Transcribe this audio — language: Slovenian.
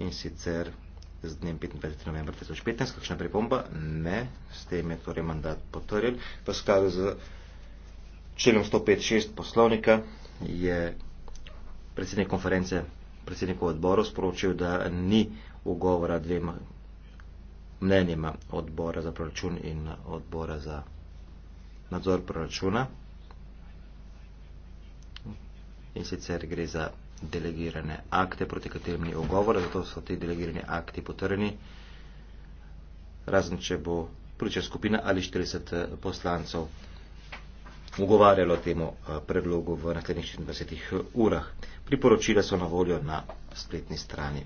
in sicer z dnem 25. novembra 2015, kakšna pripomba? Ne, s tem je torej mandat potrjen. V skladu z členom 105.6 poslovnika je predsednik konference predsednikov odborov sporočil, da ni ugovora dvema mnenjima odbora za proračun in odbora za nadzor proračuna in sicer gre za delegirane akte, proti katerim ni ogovora, zato so ti delegirani akti potrjeni, razen če bo priča skupina ali 40 eh, poslancev ugovarjalo temu eh, predlogu v naslednjih 24 eh, urah. Priporočila so na voljo na spletni strani.